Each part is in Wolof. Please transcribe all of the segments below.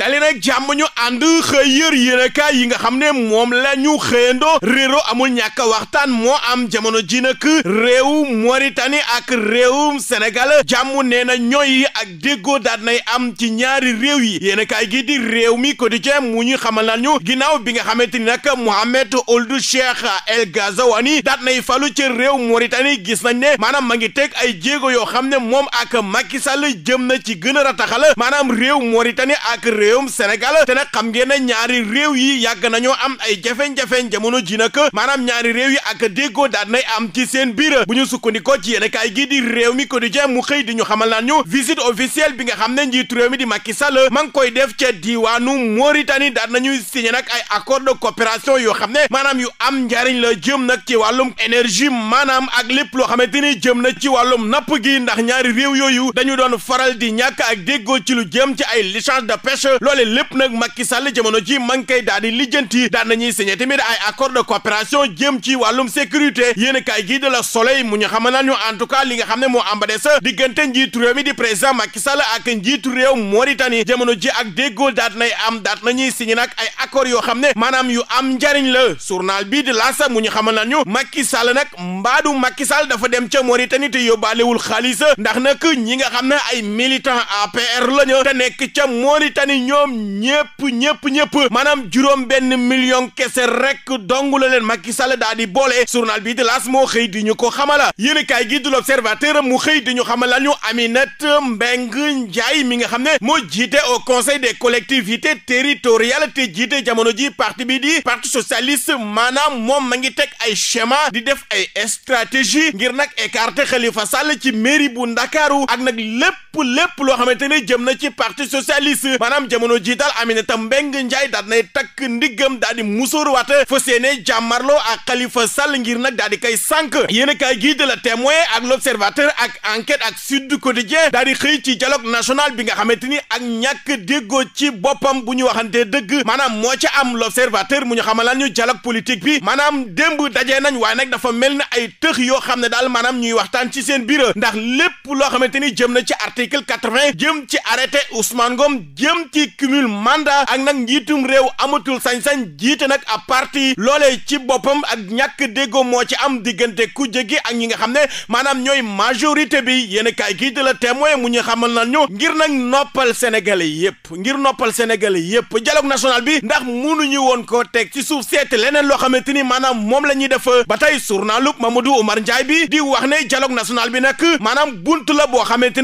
dali nag jàmm ñu ànd xëy yër yéenekaay yi nga xam ne moom la ñu xëyandoo réero amul ñàkk waxtaan moo am jamono ji nag réew Mauritanie ak réewum Sénégal jàmm nee na ñooy ak déggoo daal nay am ci ñaari réew yi yéenekaay gi di réew mi quotidien mu ñu xamal nañu ginnaaw bi nga xamante ni nag Mohamed Ould Cheikh El Ghazouani daat nay falu ci réew Mauritanie gis nañ ne maanaam ma ngi teg ay jéego yoo xam ne moom ak Macky Sall jëm na ci gën a rataxal maanaam réew Mauritanie ak réew réewum Sénégal te nag xam ngeen ne ñaari réew yi yàgg nañu am ay jafe-jafe jamono ji nag maanaam ñaari réew yi ak déggoo daal nay am ci seen biir bu ñu sukkandikoo ci yéen kaay gi di réew mi ko quotidien mu xëy di ñu xamal naan ñu visite officielle bi nga xam ne njiitu réew mi di Macky Sall ma koy def ca diwaanu Mauritanie daal nañuy signé nag ay accord de coopération yoo xam ne maanaam yu am njariñ la jëm nag ci wàllum énergie maanaam ak lépp loo xamante ni jëm na ci wàllum napp gi ndax ñaari réew yooyu dañu doon faral di ñàkk ak déggoo ci lu jëm ci ay licence de loole lépp nag Macky Sall jamono ji man kay daal di lijjanti daan nañuy signé tamit ay accord de coopération jëm ci wàllum sécurité yéen kaay gii de la Soleil mu ñu xamal ñu en tout cas li nga xam ne moo ambade sa diggante njiitu réew mi di président Macky Sall ak njiitu réew Mauritanie jamono ji ak déggoo daat nay am daat nañuy signé nag ay accord yoo xam ne maanaam yu am njariñ la journal bii di laasa mu ñu xamal nañu Macky Sall nag mbaadu Macky Sall dafa dem ca Mauritanie te yóbbaalewul xaalis ndax nag ñi nga xam ne ay militant APR la ñu te nekk ca Mauritanie ñoom ñëpp ñëpp ñëpp maanaam juróom benn million kese rek dong la leen Macky Sall daa di boole journal bi di laas moo xëy di ñu ko xamala yéen kaay gi du l'observateur mu xëy di ñu xamala ñu Aminata Mbengue Ndiaye mi nga xam ne moo jiite au conseil des collectivités territoriales te jiite jamono ji parti bi di parti socialiste maanaam moom ma ngi teg ay schéma di def ay stratégie ngir nag écarter Khalifa Sall ci mairie bu Ndakaaru ak nag lépp lépp lépp loo xamante ne jëm na ci parti socialiste maanaam jamono ji daal Aminata Mbengue Ndiaye daal nay takk ndiggam daal di musóor waat fas yéene jàmmarloo ak kalifa Sall ngir nag daal di kay sànq yéen a kaay gii de la témoin ak l'observateur ak enquête ak Sud Quotidien daal di xëy ci dialogue national bi nga xamante ni ak ñàkk déggoo ci boppam bu ñu waxantee dëgg maanaam moo ca am l'observateur mu ñu xamalaan ñu dialogue politique bi maanaam démb dajee nañ waaye nag dafa mel ni ay tëx yoo xam ne daal maanaam ñuy waxtaan ci seen biir ndax lépp loo xamante ni jëm na ci article article quatre-vingt jëm ci arrêté Ousmane Ngom jëm ci cumul manda ak nag njiitum réew amatul sañ-sañ jiite nag a parti loole ci boppam ak ñàkk déggoo moo ci am diggante ku jéggi ak ñi nga xam ne maanaam ñooy majorité bi yéen kaay gii de la témoin mu ñu xamal na ñu ngir nag noppal sénégalais yépp ngir noppal sénégalais yépp dialogue national bi ndax munuñu woon ko teg ci suuf seet leneen loo xamante ni maanaam moom la ñuy def ba tey journalub Mamadou Oumar Ndiaye bi di wax ne dialogue national bi nag maanaam bunt la boo xamante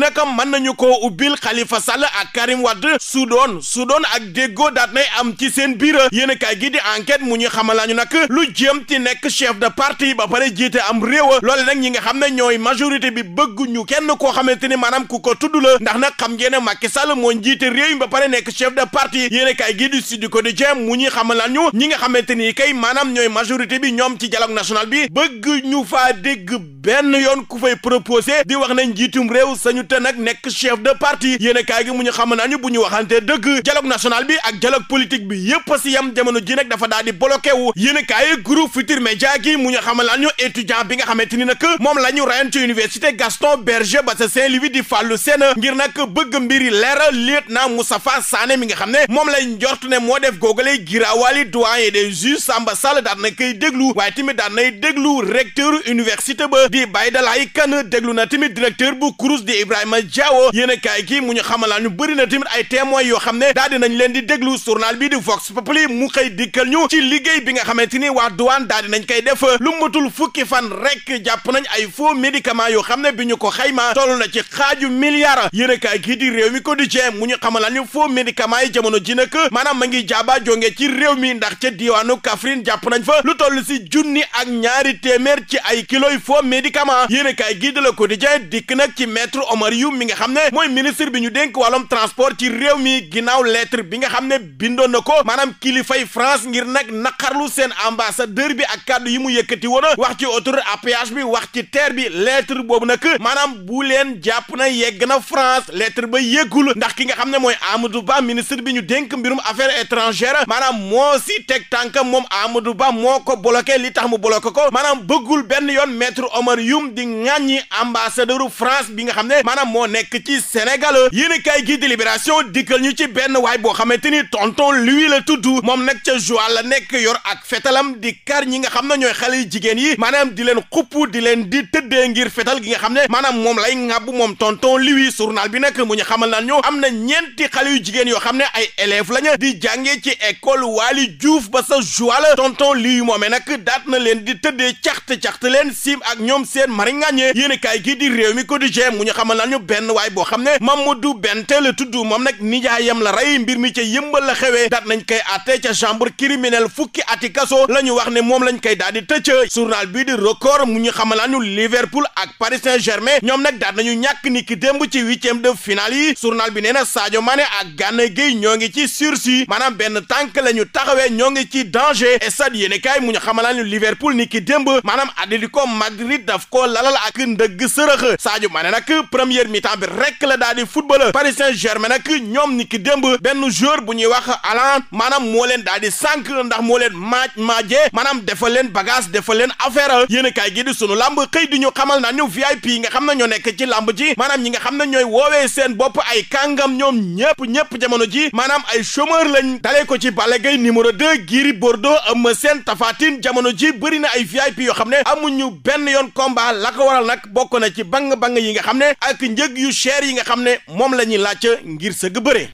mën nañu koo ubbil xalifa Sall ak Karim Wade su doon su doon ak déggoo daat nay am ci seen biir yéen a kaay gi di enquête mu ñu xamalaañu nag lu jëm ci nekk chef de parti ba pare jiite am réew loole nag ñi nga xam ne ñooy majorité bi bëgguñu kenn koo xamante ni maanaam ku ko tudd la ndax nag xam ngeen ne sal Sall moo jiite réew mi ba pare nekk chef de parti yéen a kaay gi di Sud Quotidien mu ñu xamalañu ñi nga xamante ni kay maanaam ñooy majorité bi ñoom ci dialogue national bi bëgg ñu faa dégg benn yoon ku fay proposé di wax nañ njiitum réew sañu te nag nekk chef de parti yéen a gi mu ñu xam nañu bu ñu waxante dëgg dialogue national bi ak dialogue politique bi yépp si yam jamono ji nag dafa daal di bloqué wu yéen a kaay groupe Futurs Médias gi mu ñu xamal nañu étudiant bi nga xamante ni nag moom la ñu rayon ci université Gaston Berger ba sa Saint-Louis di fàllu seen ngir nag bëgg mbiri leera lieutenant Moustapha Sané mi nga xam ne moom lañ njort ne moo def googale giraawaali doyen des juges Samba Sall daan na koy déglu waaye tamit daan nay déglu recteur université ba di Baydalaay Kan déglu na tamit directeur bu CROUS di Ibrahima Diawo yéen a kaay gi mu ñu xamalaan bëri na tamit ay témoins yoo ne daal di nañ leen di déglu journal bi di Vox mu xëy dikkal ñu ci liggéey bi nga xamante ni waa douane daal di nañ koy def lu matul fukki fan rek jàpp nañ ay faux médicaments yoo xam ne bi ñu ko xayma toll na ci xaaju milliard yéen a kaay gi di réew mi quotidien mu ñu xamalaan ñu faux médicaments yi jamono ji nag maanaam mi ndax ca diwaanu Kaffrine jàpp nañ fa lu médicament yéen a kaay gii ko di Quotidien dikk nag ci maître Omar Youm mi nga xam ne mooy ministre bi ñu dénk wàllum transport ci réew mi ginnaaw lettre bi nga xam ne bindoon na ko maanaam kilifay France ngir nag naqarlu seen ambassadeur bi ak kàddu yi mu yëkkati woon wax ci autoroute à bi wax ci terre bi lettre boobu nag maanaam bu leen jàpp na yegg na France lettre ba yëggul ndax ki nga xam ne mooy Amadou Ba ministre bi ñu dénk mbirum affaires étrangères maanaam moo si teg tànkam moom Amadou Ba moo ko bloqué li tax mu bloqué ko maanaam benn yoon maître Oumar Youm di ŋàññi ambassadeur France bi nga xam ne maanaam moo nekk ci Sénégal yéen a kaay gi di Libération dikkal ñu ci benn waay boo xamante ni tonton lui la tudd moom nag ca Joal la nekk yor ak fetalam di kar ñi nga xam ne ñooy xale yu jigéen yi maanaam di leen xuppu di leen di tëddee ngir fetal gi nga xam ne maanaam moom lay ŋàbb moom tonton lui journal bi nag mu ñu xamal naan ñu am na ñeenti xale yu jigéen yoo xam ne ay élèves lañu di jàngee ci école Waly Diouf ba sa Joal tonton lui moomee nag daat na leen di tëddee caxt caxt leen sim ak ñoom seen mari ngàññee yéen kaay gii di réew mu ñu xamal ñu benn waay boo xam ne Mamadou Bente la tudd moom nag nijaayam la rey mbir mi ca yëmbal la xewee daat nañ koy atte ca fukki ati la ñu wax ne moom lañ koy daal di tëcc journal bii di record mu ñu xamal la ñu Liverpool ak Paris Saint-Germain ñoom nag daat nañu ñàkk ni ki ci huitième de finale yi journal bi nee na Sadio Mané ak Gana Gueye ñoo ngi ci sursis maanaam benn tànk la ñu taxawee ñoo ngi ci danger stade yéen kaay mu ñu xamal la ñu Liverpool ni ki démb maanaam daf ko lalal ak ndëgg sërëx Sadio Mané nag première mi-temps bi rek la daal di football Paris Saint-Germain nag ñoom ni ki démb benn joueur bu ñuy wax Alan maanaam moo leen daal di sànq ndax moo leen maaj maajee maanaam defal leen bagage defal leen affaire yéen kaay gi di sunu lamb xëy di ñu xamal naa ñu VIP yi nga xam ne ñoo nekk ci lamb ji maanaam ñi nga xam ne ñooy woowee seen bopp ay kàngam ñoom ñëpp ñëpp jamono ji maanaam ay chômeur lañ dalee ko ci Balla Gaye numéro 2 Giri Bordeaux am seen tafatin jamono ji bëri na ay VIP yoo xam ne amuñu benn yoon combat la ko waral nag bokk na ci bang bang yi nga xam ne ak njëg yu cher yi nga xam ne moom la ñuy laaj ngir sëgg bëre